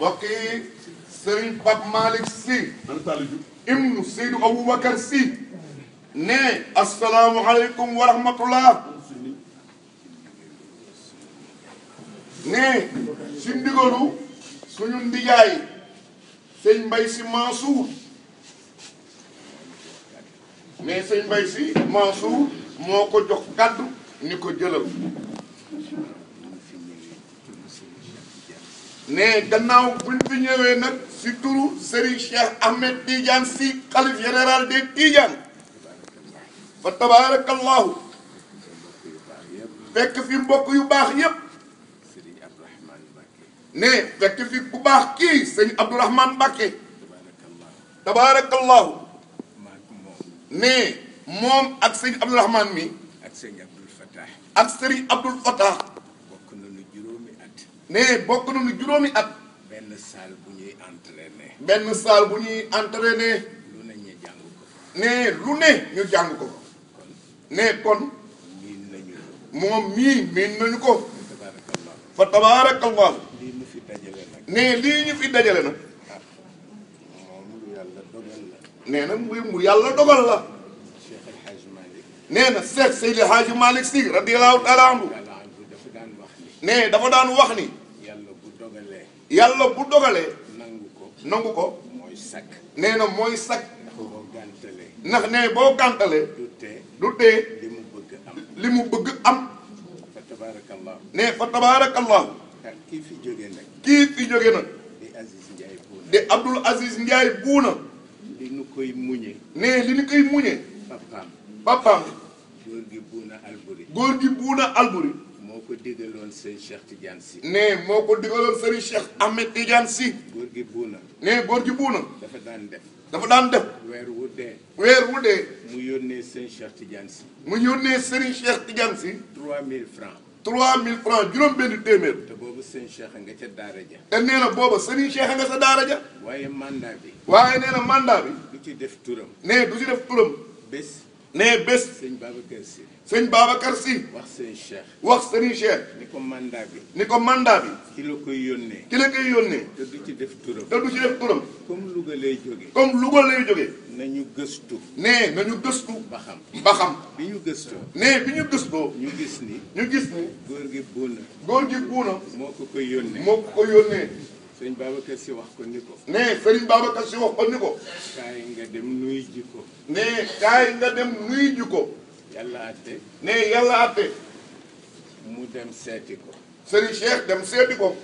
mbokk yi Serigne Pape Malick Sy ibnu Seydou Aboubacar Sy ne asalaamualeykum wa rahmatullah ne si ndigalu suñu ndigaay sëñ Mbay Sy Mansour mais sëñ Mbay Sy Mansour moo ko jox kàddu ni ko jëlal ne gannaaw buñ fi nag si turu Serigne Cheikh Ahmed Tidiane si xalif général des Tidiane fa tabarakallahu fekk fi mbokk yu baax yépp ne fekk fi bu baax kii sëñ Abdourahmane Mbacké tabarakallahu ne moom ak sëñ Abdourahmane mi ak sëñ Abdoul Fatah juróomi at. ne bokk nañu juróomi at. benn saal bu ñuy entraîner. benn saal bu ñuy entraîner. lu ñu jàng ko. ne lu ne ñu jàng ko. ne kon. miin nañu ko. moom mii miin nañu ko. fa tabaarakallah. lii ñu fi dajale nag. ne lii ñu fi dajale ah, yàlla dogal la. nee na mu yàlla nee na Seex Seydi Haaji Si radiyallaahu taala anhu ne dafa daan wax ni. yàlla bu dogalee. yàlla bu dogalee. nangu ko nangu ko. mooy sakk. nee na mooy sakk. ndax boo gàntalee. ndax ne boo gàntalee. du tee li mu bëgg am li mu bëgg am. fa tabaarakallah. ne fa tabaarakallah. kii fi jógee nag. kii fi jógee nag. di Aziz Aziz Ndiaye Buuna. li nu koy muñe. ne li nu koy muñe. papaam papaam. góor gi Buuna Alburi. góor gi Buuna Alburi. moo ko digaloon Serigne Cheikh Tidiane Sy. ne moo ko digaloon Serigne Cheikh Ahmed Tidiane Sy. góor gi buuna. ne góor gi buuna. dafa daan def. dafa daan def. weer wu dee. weer wu dee. mu yónnee Serigne Cheikh Tidiane Sy. mu yónnee Serigne Cheikh Tidiane Sy. 3000 francs. 3000 francs juróom-benn téeméer. te boobu Serigne Cheikh nga ca daara ja. te nee na booba Serigne Cheikh nga sa daara waaye mandat bi. waaye nee na mandat bi. du ci def turam. ne du ci def turam. bés. nee bés. sëñ Babacar Sy. sëñ Babacar Sy. wax sëñ Cheikh. wax sëñ Cheikh. ni ko mandat bi. ni ko mandat bi. ki la koy yónnee. ki la koy yónnee. te ci def turam. te du ci def turam. comme Louga lay jógee. comme Louga lay ñu nañu gëstu. nee nañu gëstu. ba xam ba xam. bi ñu gëstoo. nee bi ñu gëstoo. ñu gis ni. ñu gis ni. góor gi buuna. góor gi buuna. moo ko ko yónnee. moo ko koy yónnee. sëñ Babacar si wax ko ni ko. ne sëriñ Babacar si wax ko ni ko. kaay nga dem nuyu ji ko. ne kaay nga dem nuyu ko. yàlla àtte. ne yàlla àtte. mu dem seeti ko. sëriñ Cheikh dem seeti ko.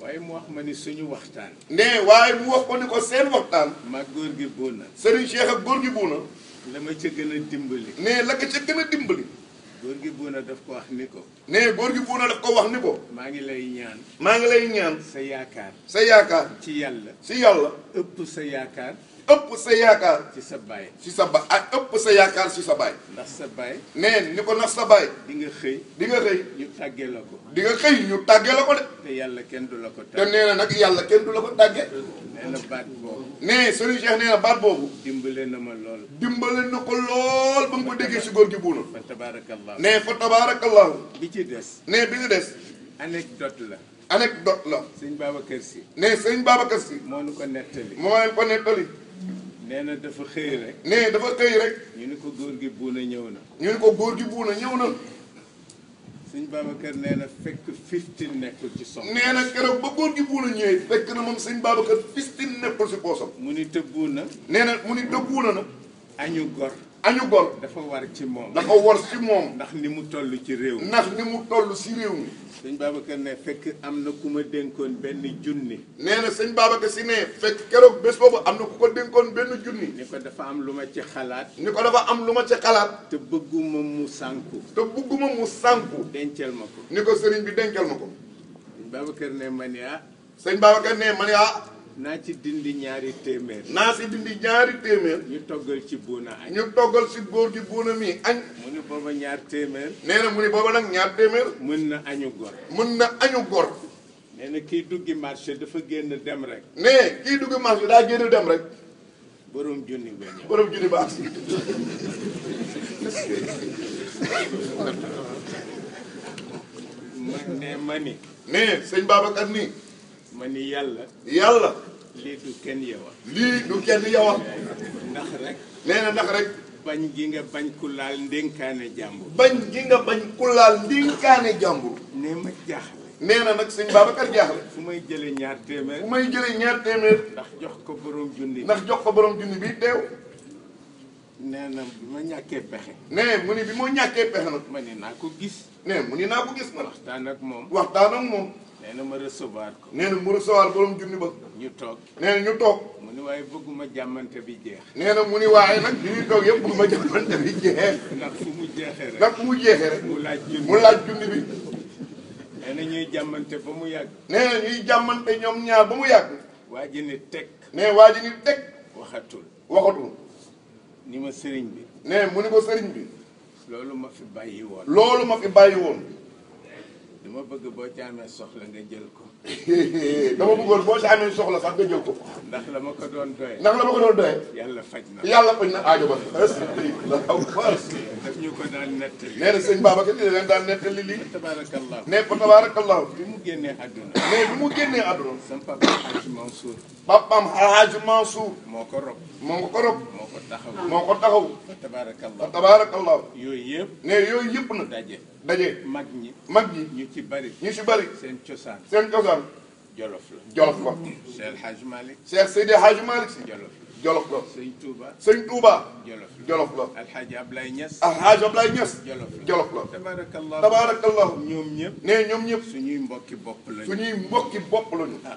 waaye mu wax ma ni suñu waxtaan. ne waaye mu wax ko ni ko seen waxtaan. ma góor gi buuna. sëriñ Cheikh ak góor gi buuna. la ma ca gën a dimbali. ne la ka ca gën dimbali. góor gi buuna def ko wax ni ko. nee góor gi buuna daf ko wax ni ko. maa ngi lay ñaan. maa ngi lay ñaan. sa yaakaar. sa yaakaar. ci yàlla. ci yàlla. ëpp sa yaakaar. ëpp sa yaakaar. ci sa baay ci sa ba ak ëpp sa yaakaar si sa baay. ndax sa baay. nee ni ko ndax sa baay. di nga xëy. di nga xëy. ñu tàggee la ko. di nga xëy ñu tàggee la ko de. te yàlla kenn du la ko tàggee. te nee na nag yàlla kenn du la ko tàggee. nee na baat boobu. nee sëriñ Cheikh nee na baat boobu. dimbale na ma lool. dimbale na ko lool ba mu ko déggee si góor gi buuna. fa tabaarakallah nee fa tabaarakallah. bi ci des. nee bi ci des. anecdote la. anecdote la. sëñ Babacar Si. nee sëñ Babacar Si. moo ñu ko nettali. moo nee na dafa xëy rek. nee dafa xëy rek. ñu ni ko góor gi buuna ñëw na. ñu ni ko góor gi buuna ñëw na. sëñ Babacar nee na fekk fifteen nekkul ci so nee na keroog ba góor gi buuna ñëwee fekk na moom sëñ Babacar fifteen nekkul si poosam. mu ni tëbbuuna. nee na mu ni tëbbuuna na. añu gor. añu gor. dafa war ci moom. dafa war ci moom. ndax ni mu toll ci réew mi. ndax ni mu toll si réew mi. sëñ Babacar ne fekk am na ku ma dénkoon benn junni. nee na sëñ Babacar si ne fekk keroog bés boobu am na ku ko dénkoon benn junni. ni ko dafa am lu ma ci xalaat. ni ko dafa am lu ma ci xalaat. te bëgguma mu sànku. te bëgguma mu sànku. dencal ma ko. ni ko sëriñ bi dencal ma ko. sëñ Babacar ne man yaa. Ah, sëñ Babacar ne man yaa. Ah, naa ci dindi ñaari téeméer. naa ci dindi ñaari téeméer. ñu toggal ci buuna añ. ñu toggal ci góor gi buuna mi añ. mu ni booba ñaar téeméer. nee na mu ni booba nag ñaar téeméer. mën na añu gor. mën na añu gor. nee kii duggi marché dafa génn dem rek. nee kii duggi marché daa génn dem rek. borom junni ba ne ma ni. nee sëñ Babacar nii. ma ni yàlla. yàlla. lii du kenn yowal. lii du kenn yowal. ndax rek. nee na ndax rek. bañ gi nga bañ ku laal ndénkaane jàmbur. bañ gi nga bañ ku laal ndénkaane jàmbur. nee ma jaaxle. nee na nag sëñ Babacar jaaxle. fu may jëlee ñaar téeméer. fu may jëlee ñaar téeméer. ndax jox ko borom junni. ndax jox ko borom junni bi teew. nee bi ma ñàkkee pexe. nee mu ni bi ma ñàkkee pexe nag. ma ni naa ko gis. nee mu ni naa ko gis ma. waxtaan ak moom waxtaan moom. nee ma recevoir ko. nee na mu recevoir borom junni ba. ñu toog nee na ñu toog. mu ni waaye bëgguma jàmmante bi jeex. nee na mu ni waaye nag bi ñuy toog yëpp bëgguma jàmmante bi jeex. ndax fu mu jeexee rek. ndax fu mu jeexee mu laaj junni mu laaj junni bi. nee ñuy jàmmante ba mu yàgg. nee na ñuy jàmmante ñoom ñaar ba mu yàgg. waa ji ni teg. nee waa ji teg. waxatul waxatul. ni ma sëriñ bi. nee mu ni ko sëriñ bi. loolu ma fi bàyyi woon. loolu ma fi bàyyi woon. dama bëgg boo ci amee soxla nga jël ko. dama bëggoon boo ci amee soxla sax nga jël ko. ndax la ma ko doon doyee. ndax la ma ko doon doyee. yàlla faj na yàlla faj na aajo ba. daf ñu ko daan nettali. nee na sëñ Babacar di leen daan nettali lii. tabaarakallah nee ko tabaarakallah. bi mu génnee àdduna. mais bi mu génnee àdduna. sam papa Alhaji Mansour. papaam Alhaji Mansour. moo ko rob. moo ko rob. moo ko taxaw. moo ko taxaw. tabaarakallah tabaarakallah. yooyu yëpp. nee yooyu yëpp nag daje. daje. mag ñi mag ñi. ñu ci bari. ñu ci bari. seen cosaan seen cosaan. jolof la jolof la. Cheikh Hadj Malick. Cheikh Seydi Hadj Malick si. jolof la jolof la. sëñ Touba. sëñ Touba. jolof la jolof la. Alhaji Ablaye Niass. Alhaji Ablaye Niass. jolof la jolof la. tabaarakallah tabaarakallah. ñoom ñëpp. nee ñoom ñëpp. suñuy mbokki bopp lañu. suñuy mbokki bopp lañu. Ah.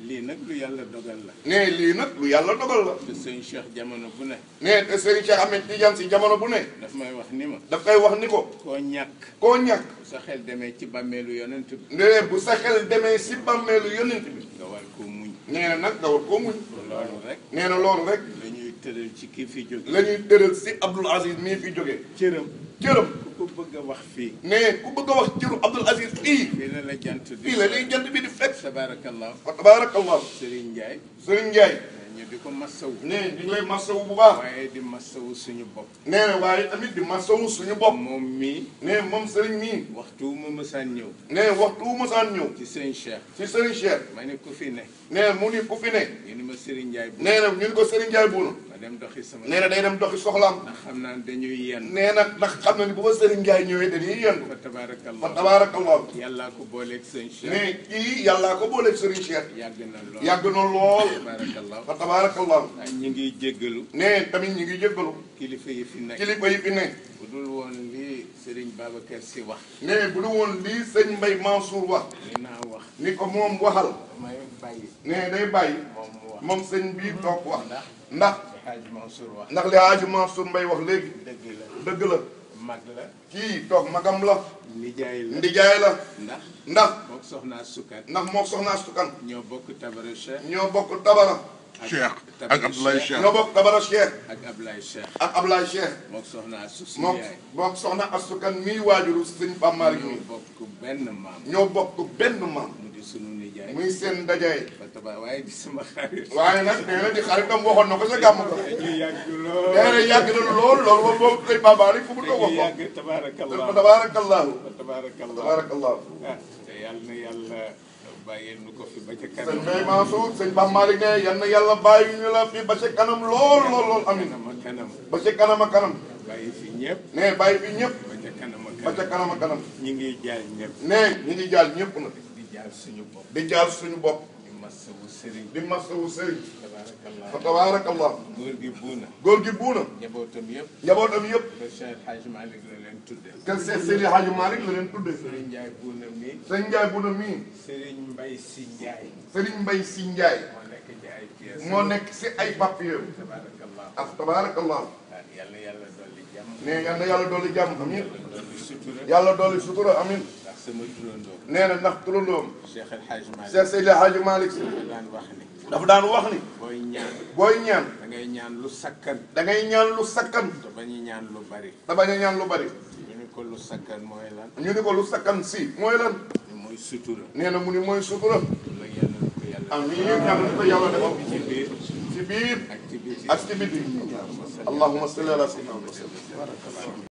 lii nag lu yàlla dogal la. nee lii nag lu yàlla dogal la. te sëñ Cheikh jamono bu ne. nee te sëñ Cheikh Ahmed Tidiane si jamono bu ne. daf may wax ni ma. daf koy wax ni ko. koo ñàkk. koo ñàkk. bu sa xel demee ci bàmmeelu yonent bi. nee bu sa xel demee si bàmmeelu yonent bi. nga war koo muñ. nee nag nga war koo muñ. loolu rek. nee na loolu rek. la ñuy ci kii fi jóge. la ñuy tëral si Abdoul Aziz mii fi jóge. cëram. jërëm ku bëgg a wax fii ne ku bëgg a wax jëru Abdoul Aziz fii fii la la jant bi fii la lay jant bi di fekk tabaarakallah wa tabaarakallah Serigne Ndiaye Serigne Ndiaye ñu di ko massawu ne di lay massawu bu baax waaye di massawu suñu bopp ne waaye tamit di massawu suñu bopp moom mii ne moom Serigne mii waxtu wu ma mësaan ñëw ne waxtu wu mësaan ñëw ci Serigne Cheikh ci Serigne Cheikh ma ne ku fi ne ne mu ni ku fi ne ñu ni ma Serigne Ndiaye bu ne ñu ni ko Serigne Ndiaye bu dem doxi sama nee na day dem doxi soxlaam. ndax xam naa dañuy yenn. nee na ndax xam na ni bu ma Serigne Ndiaye ñëwee dañuy yenn. fa tabaarakallah fa tabaarakallah. yàllaa ko booleeg Serigne Cheikh. mais kii yàllaa ko booleeg Serigne Cheikh. yàgg na lool yàgg na lool. tabaarakallah fa tabaarakallah. ñu ngi jéggalu. nee tamit ñi ngi jéggalu. kilifa yi fi nekk kilifa yi fi nekk. bu dul woon lii Serigne Babacar si wax. nee bu dul woon lii sëñ Mbaye Mansour wax. dinaa wax ni ko moom waxal. damay bàyyi. nee day bàyyi. moom sëñ bi toog wax. ndax. Hadj Mansour wax ndax li Hadj Mansour Mbaye wax léegi. dëgg la dëgg la. mag la. kii toog magam la. ndijaay la ndax ndax. mook soxnaa sukkan. ndax mook soxnaa sukkan. ñoo bokk tabara Cheikh. ñoo bokk tabara. Cheikh ak Abdoulaye Cheikh ñoo bokk tabara Cheikh. ak Abdoulaye Cheikh. ak Abdoulaye soxna Asou mii waajuru sëñ Pape Malick ñoo bokk benn maam. ñoo bokk benn maam. mu di sunu muy seen dajaay. waaye di sama xarit. waaye nag nee na di xaritam waxoon na ko sa gàmm ko. ñu yàgg lool nee na yàgg na lool lool moom boobu kay baabaar fu mu toog wax ko. yàgg tabaarakallah tabaarakallah. tabaarakallah. ah te yàlla na ba Ba Malick ne yal na yàlla bàyyi ñu fi ba kanam lool lool lool amiin. ba a kanam. bàyyi fi ñëpp. ne bàyyi fi ñëpp. ba ca kanam a kanam ba ca ñu ngi jaal ñëpp. ne ñu ngi jaal suñu bopp di jaal suñu bopp di wu sëriñ di masawu sëriñ fa tabaarakallah góor gi buuna góor gi buuna njabootam a njabootam yëpp kër Seex Xaaji Maalik la leen tudde kër Seex Sëriñ Xaaji Maalik la leen tudde Njaay buuna mii Si Njaay sëriñ Mbay Si Njaay moo nekk si ay papier tabaarakallah nee yal na yàlla dolli jàmm amin yàlla dolli sutura nee na ndax turandoom Cheikh El Hadj Malick Cheikh Seydi El Hadj Malick si dafa daan wax ni booy ñaan booy ñaan da ngay ñaan lu sakkan da ngay ñaan lu sakkan te bañu ñaan lu bari te bañu lu bari ñu ni ko lu sakkan mooy lan ñu ni ko lu sakkan si mooy lan mooy sutura nee na mu ni mooy sutura amiin yàlla na ko yàlla defal ci biir ak ci biti allahuma salli ala sayyidina wa sallam